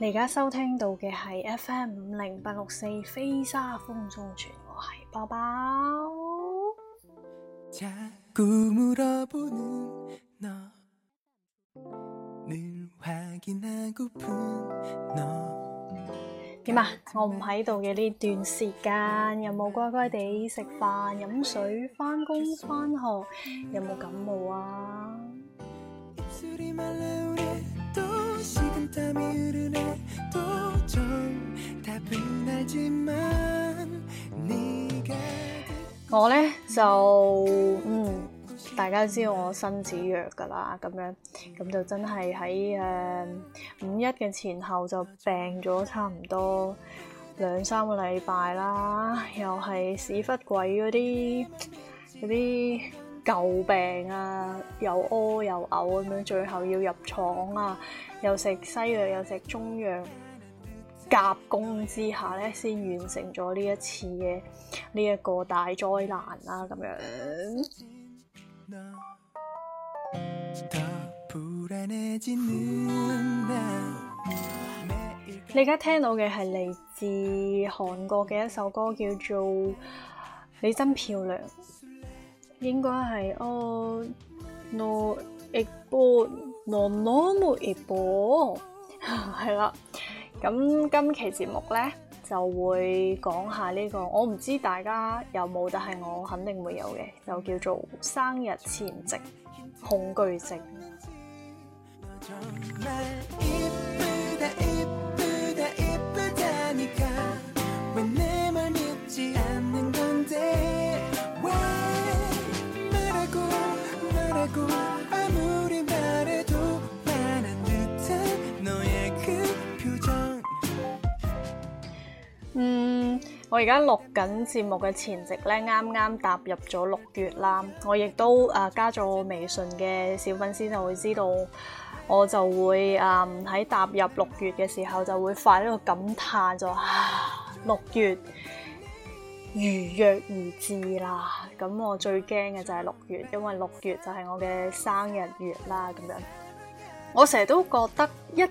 你而家收聽到嘅係 FM 五零八六四，飛沙風中傳我係包包。點啊？我唔喺度嘅呢段時間，有冇乖乖地食飯、飲水、返工、返學？有冇感冒啊？我咧就嗯，大家知道我身子弱㗎喇，咁樣咁就真係喺誒五一嘅前後就病咗差唔多兩三個禮拜啦，又係屎忽鬼嗰啲嗰啲。舊病啊，又屙又嘔咁樣，最後要入廠啊，又食西藥又食中藥，夾攻之下咧，先完成咗呢一次嘅呢一個大災難啦，啊、咁樣。 你而家聽到嘅係嚟自韓國嘅一首歌，叫做《你真漂亮》。應該係、oh, no, oh, no no 一波 no no 冇一波，係啦。咁今期節目咧就會講下呢個，我唔知大家有冇，但係我肯定會有嘅，就叫做生日前夕恐懼症。 我而家錄緊節目嘅前夕咧，啱啱踏入咗六月啦。我亦都誒、呃、加咗我微信嘅小粉絲就會知道，我就會誒喺、呃、踏入六月嘅時候就會發一個感嘆，就話六月如約而至啦。咁我最驚嘅就係六月，因為六月就係我嘅生日月啦。咁樣，我成日都覺得一。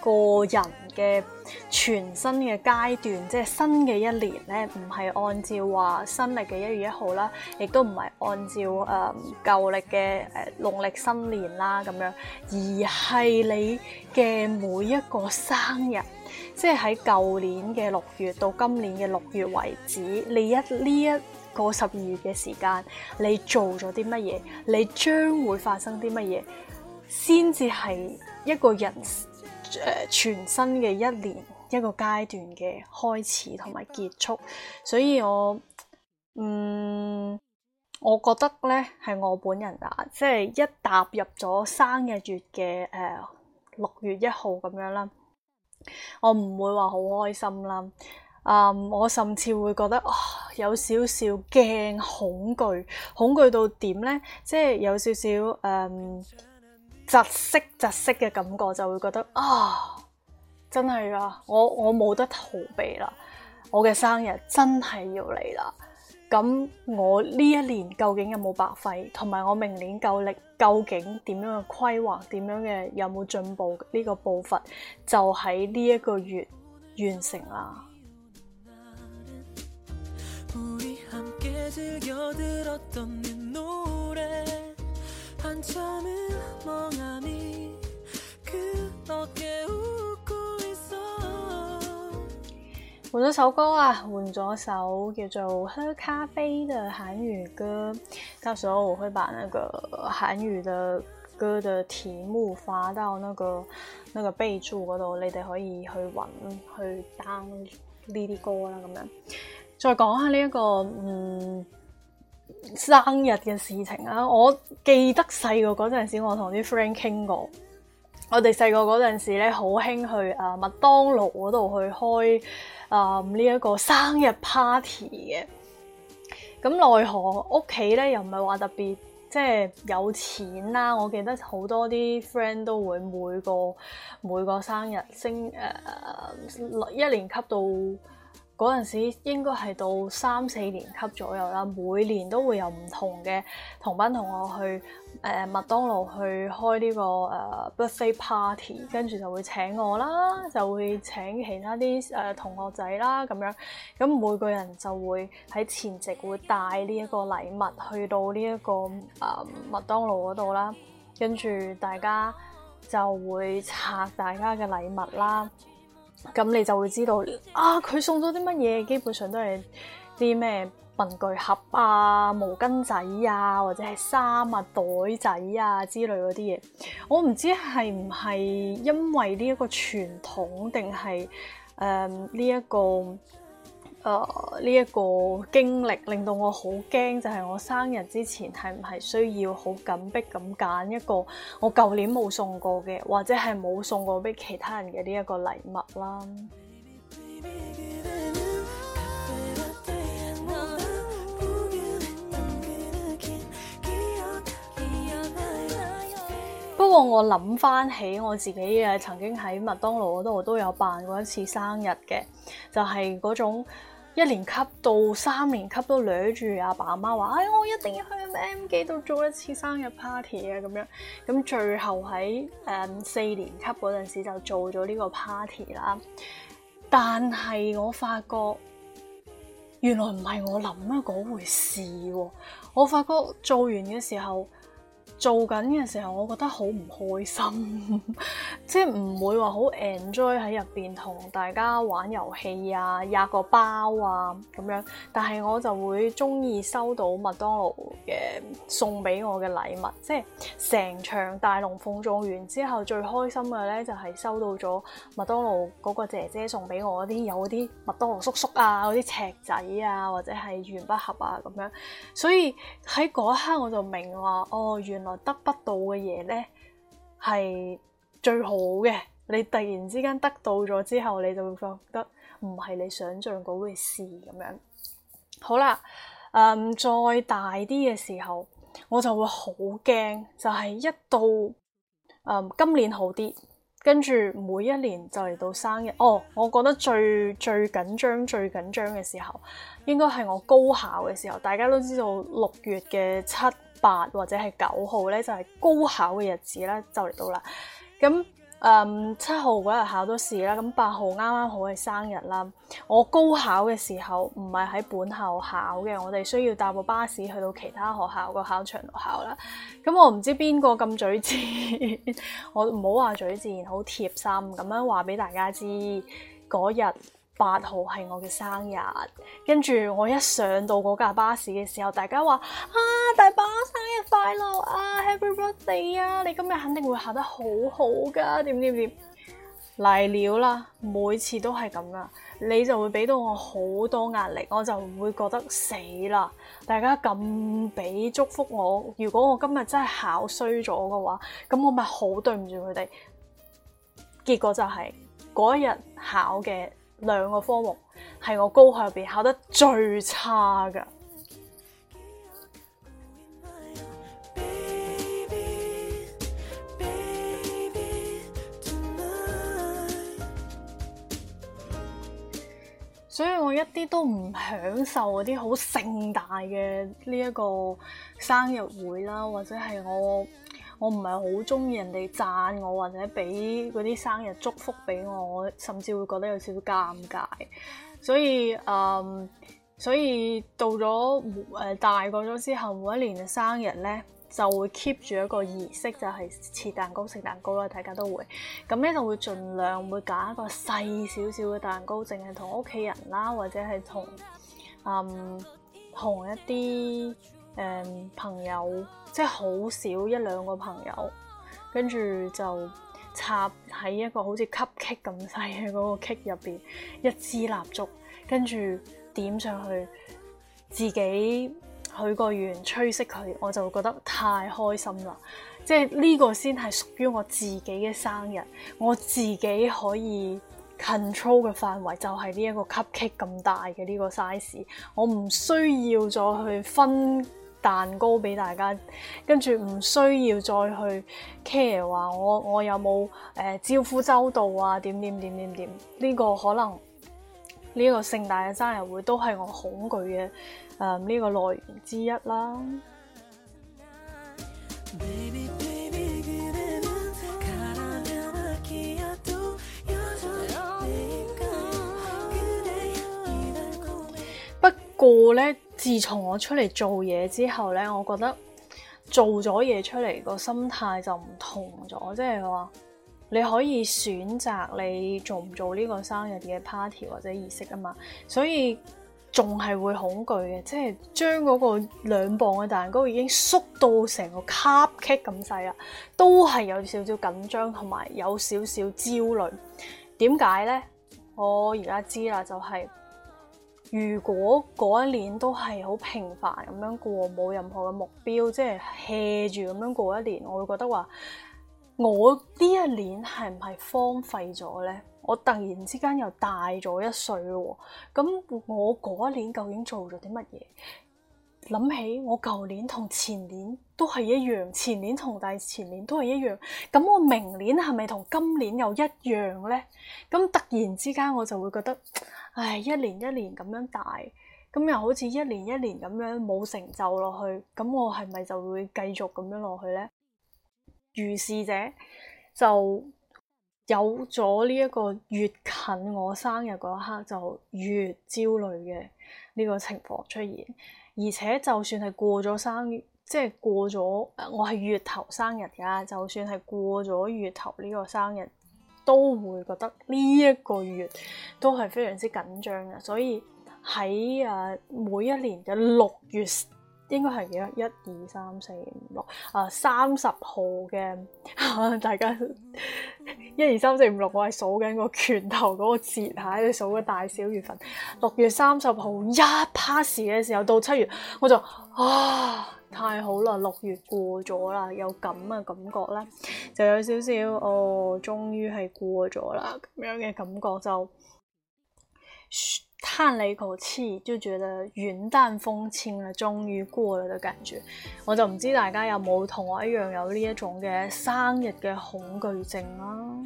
個人嘅全新嘅階段，即係新嘅一年咧，唔係按照話新歷嘅一月一號啦，亦都唔係按照誒舊歷嘅誒農曆新年啦咁樣，而係你嘅每一個生日，即係喺舊年嘅六月到今年嘅六月為止，你一呢一、這個十二月嘅時間，你做咗啲乜嘢，你將會發生啲乜嘢，先至係一個人。誒、呃，全新嘅一年一個階段嘅開始同埋結束，所以我嗯，我覺得咧係我本人啊，即係一踏入咗生日月嘅誒六月一號咁樣啦，我唔會話好開心啦，啊、嗯，我甚至會覺得、哦、有少少驚恐懼，恐懼到點咧？即係有少少誒。嗯窒息，窒息嘅感覺就會覺得啊，真係啊，我我冇得逃避啦，我嘅生日真係要嚟啦。咁我呢一年究竟有冇白費？同埋我明年舊曆究竟點樣嘅規劃？點樣嘅有冇進步？呢個步伐就喺呢一個月完成啦。 換咗首歌啊，換咗首叫做《喝咖啡》嘅韓語歌。到時候我會把那個韓語嘅歌嘅題目發到那個那個備註嗰度，你哋可以去搵去 down 呢啲歌啦。咁樣，再講下呢、這、一個嗯。生日嘅事情啊，我記得細個嗰陣時，我同啲 friend 傾過，我哋細個嗰陣時咧，好興去啊麥當勞嗰度去開啊呢一個生日 party 嘅。咁奈何屋企咧又唔係話特別即係有錢啦，我記得好多啲 friend 都會每個每個生日升誒、啊、一年級到。嗰陣時應該係到三四年級左右啦，每年都會有唔同嘅同班同學去誒麥、呃、當勞去開呢、這個誒、呃、birthday party，跟住就會請我啦，就會請其他啲誒、呃、同學仔啦咁樣，咁每個人就會喺前夕會帶呢一個禮物去到呢、這、一個誒麥、呃、當勞嗰度啦，跟住大家就會拆大家嘅禮物啦。咁你就會知道啊，佢送咗啲乜嘢。基本上都係啲咩文具盒啊、毛巾仔啊，或者係衫啊、袋仔啊之類嗰啲嘢。我唔知係唔係因為呢一個傳統，定係誒呢一個？誒呢一個經歷令到我好驚，就係我生日之前係唔係需要好緊迫咁揀一個我舊年冇送過嘅，或者係冇送過俾其他人嘅呢一個禮物啦。 不過我諗翻起我自己曾經喺麥當勞嗰度都有辦過一次生日嘅。就係嗰種一年級到三年級都攣住阿爸阿媽話，哎，我一定要去 M M 記度做一次生日 party 啊！咁樣，咁最後喺誒、嗯、四年級嗰陣時就做咗呢個 party 啦。但係我發覺原來唔係我諗嘅嗰回事喎、啊！我發覺做完嘅時候。做緊嘅時候，我覺得好唔開心，即係唔會話好 enjoy 喺入邊同大家玩遊戲啊、吔個包啊咁樣。但係我就會中意收到麥當勞嘅送俾我嘅禮物，即係成場大龍鳳做完之後最開心嘅咧，就係、是、收到咗麥當勞嗰個姐姐送俾我一啲有啲麥當勞叔叔啊、嗰啲尺仔啊，或者係鉛筆盒啊咁樣。所以喺嗰一刻我就明話，哦，原來。得不到嘅嘢咧，係最好嘅。你突然之間得到咗之後，你就會覺得唔係你想象嗰回事咁樣。好啦，嗯，再大啲嘅時候，我就會好驚，就係一到，嗯，今年好啲。跟住每一年就嚟到生日哦，我覺得最最緊張最緊張嘅時候，應該係我高考嘅時候。大家都知道六月嘅七八或者係九號咧，就係高考嘅日子啦，就嚟到啦。咁、嗯誒，um, 七號嗰日考咗試啦，咁八號啱啱好係生日啦。我高考嘅時候唔係喺本校考嘅，我哋需要搭部巴士去到其他學校個考場度考啦。咁我唔知邊個咁嘴賤， 我唔好話嘴賤，好貼心咁樣話俾大家知嗰日。八號係我嘅生日，跟住我一上到嗰架巴士嘅時候，大家話啊，大把生日快樂啊，everybody 啊，啊 Happy Birthday 啊，你今日肯定會考得好好噶，啊，點點點嚟了啦，每次都係咁啦，你就會俾到我好多壓力，我就唔會覺得死啦，大家咁俾祝福我，如果我今日真係考衰咗嘅話，咁我咪好對唔住佢哋，結果就係、是、嗰一日考嘅。兩個科目係我高考入邊考得最差嘅，所以我一啲都唔享受嗰啲好盛大嘅呢一個生日會啦，或者係我。我唔係好中意人哋讚我或者俾嗰啲生日祝福俾我，我甚至會覺得有少少尷尬。所以誒、嗯，所以到咗誒、呃、大個咗之後，每一年嘅生日咧，就會 keep 住一個儀式，就係、是、切蛋糕、食蛋糕啦，大家都會。咁咧就會盡量會揀一個細少少嘅蛋糕，淨係同屋企人啦，或者係同嗯同一啲誒、嗯、朋友。即係好少一兩個朋友，跟住就插喺一個好似 cupcake 咁細嘅嗰個 cake 入邊一支蠟燭，跟住點上去，自己許個願吹熄佢，我就覺得太開心啦！即係呢個先係屬於我自己嘅生日，我自己可以 control 嘅範圍就係呢一個 cupcake 咁大嘅呢個 size，我唔需要再去分蛋糕俾大家，跟住唔需要再去 care 話我我有冇誒、呃、招呼周到啊，點點點點點呢個可能呢、這個盛大嘅生日會都係我恐懼嘅誒呢個來源之一啦。 不過呢。自從我出嚟做嘢之後咧，我覺得做咗嘢出嚟個心態就唔同咗，即係話你可以選擇你做唔做呢個生日嘅 party 或者儀式啊嘛，所以仲係會恐懼嘅，即係將嗰個兩磅嘅蛋糕已經縮到成個 cupcake 咁細啦，都係有少少緊張同埋有少少焦慮。點解咧？我而家知啦，就係，就係。如果嗰一年都係好平凡咁樣過，冇任何嘅目標，即係 hea 住咁樣過一年，我會覺得話，我呢一年係唔係荒廢咗呢？我突然之間又大咗一歲喎，咁我嗰一年究竟做咗啲乜嘢？諗起我舊年同前年都係一樣，前年同大前年都係一樣，咁我明年係咪同今年又一樣呢？咁突然之間我就會覺得。唉，一年一年咁樣大，咁又好似一年一年咁樣冇成就落去，咁我係咪就會繼續咁樣落去咧？如是者就有咗呢一個越近我生日嗰一刻就越焦慮嘅呢個情況出現，而且就算係過咗生日，即係過咗，我係月頭生日㗎，就算係過咗月頭呢個生日，都會覺得呢一個月都係非常之緊張嘅，所以喺誒、啊、每一年嘅六月應該係幾多？一二三四五六啊，三十號嘅、啊、大家一二三四五六，1, 2, 3, 4, 5，我係數緊個拳頭嗰個節喺度數嘅大小月份。六月三十號一 pass 嘅時候到七月，我就啊～太好啦！六月過咗啦，有咁嘅感覺咧，就有少少哦，終於係過咗啦咁樣嘅感覺，就嘆你一口氣，就覺得雲淡風輕啦，終於過咗嘅感覺。我就唔知大家有冇同我一樣有呢一種嘅生日嘅恐懼症啦。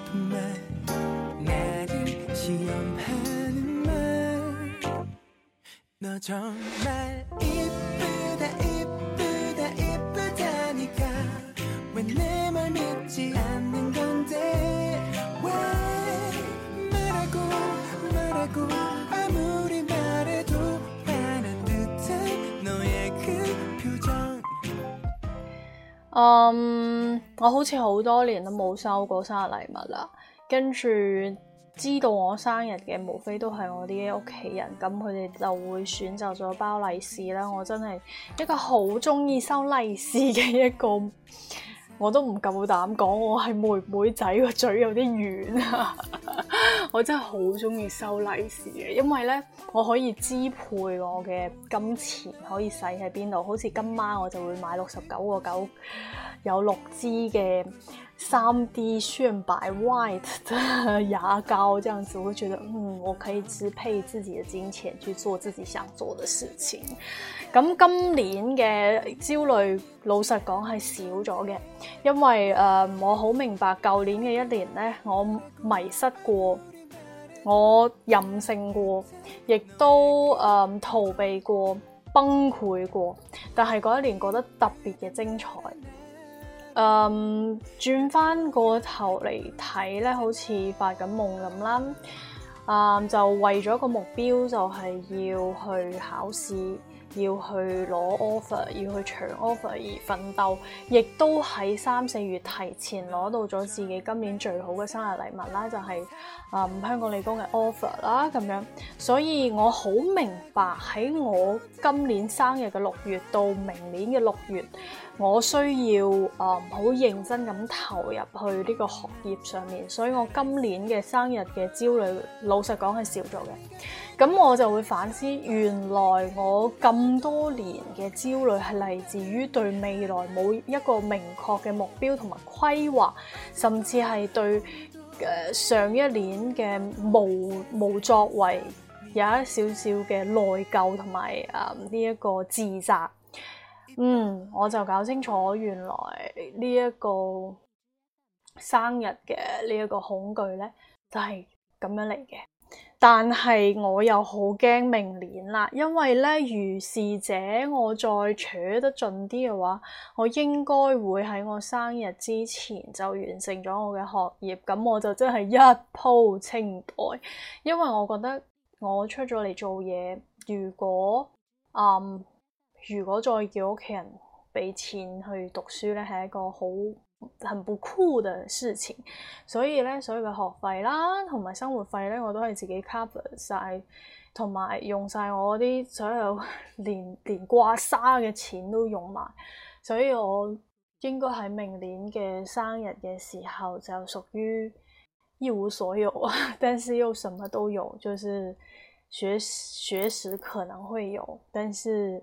嗯，um，我好似好多年都冇收過生日禮物啦，跟住。知道我生日嘅，無非都係我啲屋企人，咁佢哋就會選擇咗包利是啦。我真係一個好鍾意收利是嘅一個，我都唔夠膽講，我係妹妹仔個嘴有啲軟啊！ 我真係好鍾意收利是嘅，因為呢，我可以支配我嘅金錢可以使喺邊度，好似今晚我就會買六十九個九。有六支嘅三 D 炫白 White 嘅、啊、牙膏，這樣子我會覺得，嗯，我可以支配自己嘅金錢去做自己想做的事情。咁今年嘅焦慮，老實講係少咗嘅，因為誒、呃、我好明白舊年嘅一年咧，我迷失過，我任性過，亦都誒、呃、逃避過，崩潰過，但係嗰一年過得特別嘅精彩。嗯，轉翻個頭嚟睇咧，好似發緊夢咁啦。嗯，就為咗個目標，就係要去考試，要去攞 offer，要去搶 offer 而奮鬥，亦都喺三四月提前攞到咗自己今年最好嘅生日禮物啦，就係嗯香港理工嘅 offer 啦咁樣。所以我好明白喺我今年生日嘅六月到明年嘅六月。我需要啊，好、嗯、認真咁投入去呢個學業上面，所以我今年嘅生日嘅焦慮，老實講係少咗嘅。咁我就會反思，原來我咁多年嘅焦慮係嚟自於對未來冇一個明確嘅目標同埋規劃，甚至係對誒、呃、上一年嘅無無作為有一少少嘅內疚同埋誒呢一個自責。嗯，我就搞清楚原來呢一個生日嘅呢一個恐懼呢，就係咁樣嚟嘅。但係我又好驚明年啦，因為呢如是者，我再扯得盡啲嘅話，我應該會喺我生日之前就完成咗我嘅學業，咁我就真係一鋪清袋。因為我覺得我出咗嚟做嘢，如果嗯。如果再叫屋企人俾錢去讀書咧，係一個好很，很不酷嘅事情。所以咧，所有嘅學費啦，同埋生活費咧，我都係自己 cover 曬，同埋用晒我啲所有連連刮沙嘅錢都用埋。所以我應該喺明年嘅生日嘅時候就屬於一無所有，啊，但是又什麼都有，就是學學識可能會有，但是。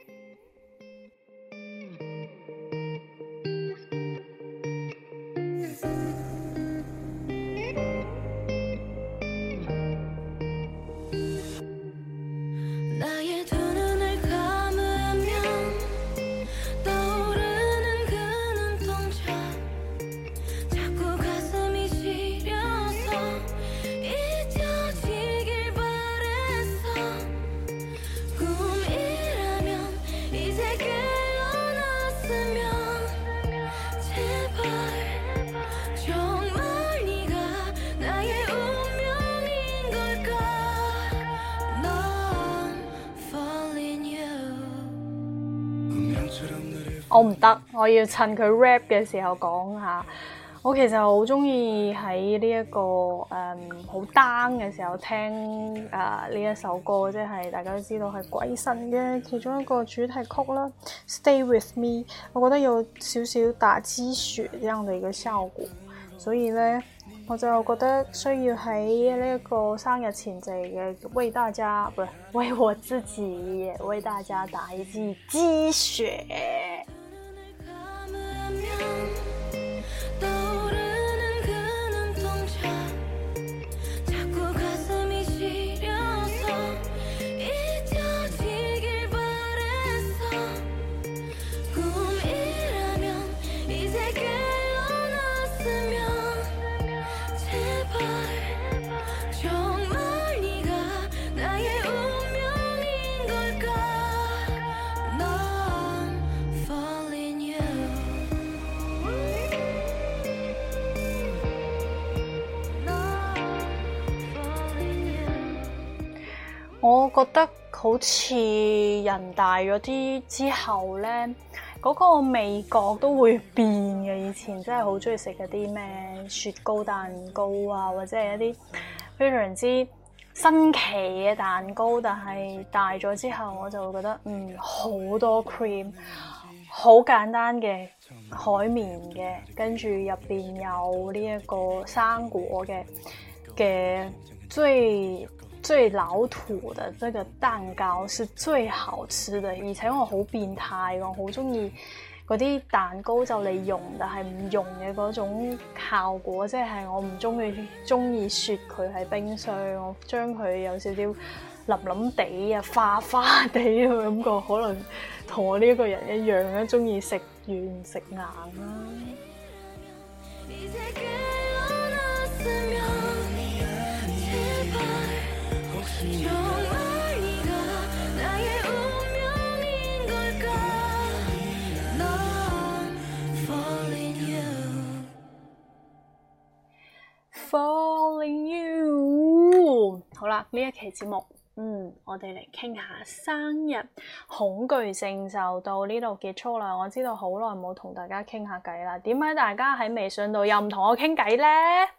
我唔得，我要趁佢 rap 嘅時候講下，我其實好中意喺呢一個誒好、嗯、down 嘅時候聽啊呢、呃、一首歌，即係大家都知道係鬼神嘅其中一個主題曲啦。Stay with me，我覺得有少少打雞血咁樣嘅一個效果，所以呢，我就覺得需要喺呢一個生日前夕嘅為大家，不為我自己，為大家打一支雞血。覺得好似人大咗啲之後咧，嗰、那個味覺都會變嘅。以前真係好中意食嗰啲咩雪糕、蛋糕啊，或者係一啲非常之新奇嘅蛋糕。但係大咗之後，我就會覺得嗯，好多 cream，好簡單嘅海綿嘅，跟住入邊有呢一個生果嘅嘅最，最老土的這個蛋糕是最好吃的，而且我好變態，我好中意嗰啲蛋糕就嚟溶但係唔溶嘅嗰種效果，即係我唔中意中意雪佢喺冰箱，我將佢有少少腍腍哋啊、花花地嘅感覺，可能同我呢一個人一樣啦，中意食軟食硬啦、啊。Falling you，Falling you，好啦，呢一期節目，嗯，我哋嚟傾下生日恐懼症就到呢度結束啦。我知道好耐冇同大家傾下偈啦，點解大家喺微信度又唔同我傾偈咧？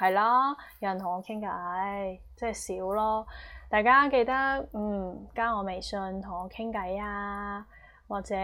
係囉，有人同我傾偈，即係少咯。大家記得嗯加我微信同我傾偈啊，或者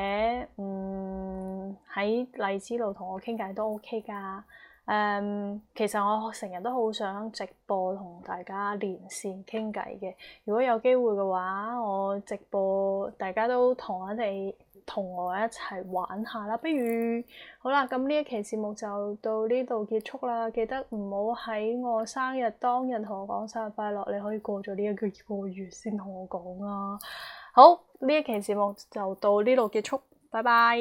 嗯喺荔枝路同我傾偈都 OK 噶。誒、嗯，其實我成日都好想直播同大家連線傾偈嘅。如果有機會嘅話，我直播大家都同我哋。同我一齊玩下啦！不如，好啦，咁呢一期節目就到呢度結束啦。記得唔好喺我生日當日同我講生日快樂，你可以過咗呢一個月先同我講啦。好，呢一期節目就到呢度結束，拜拜。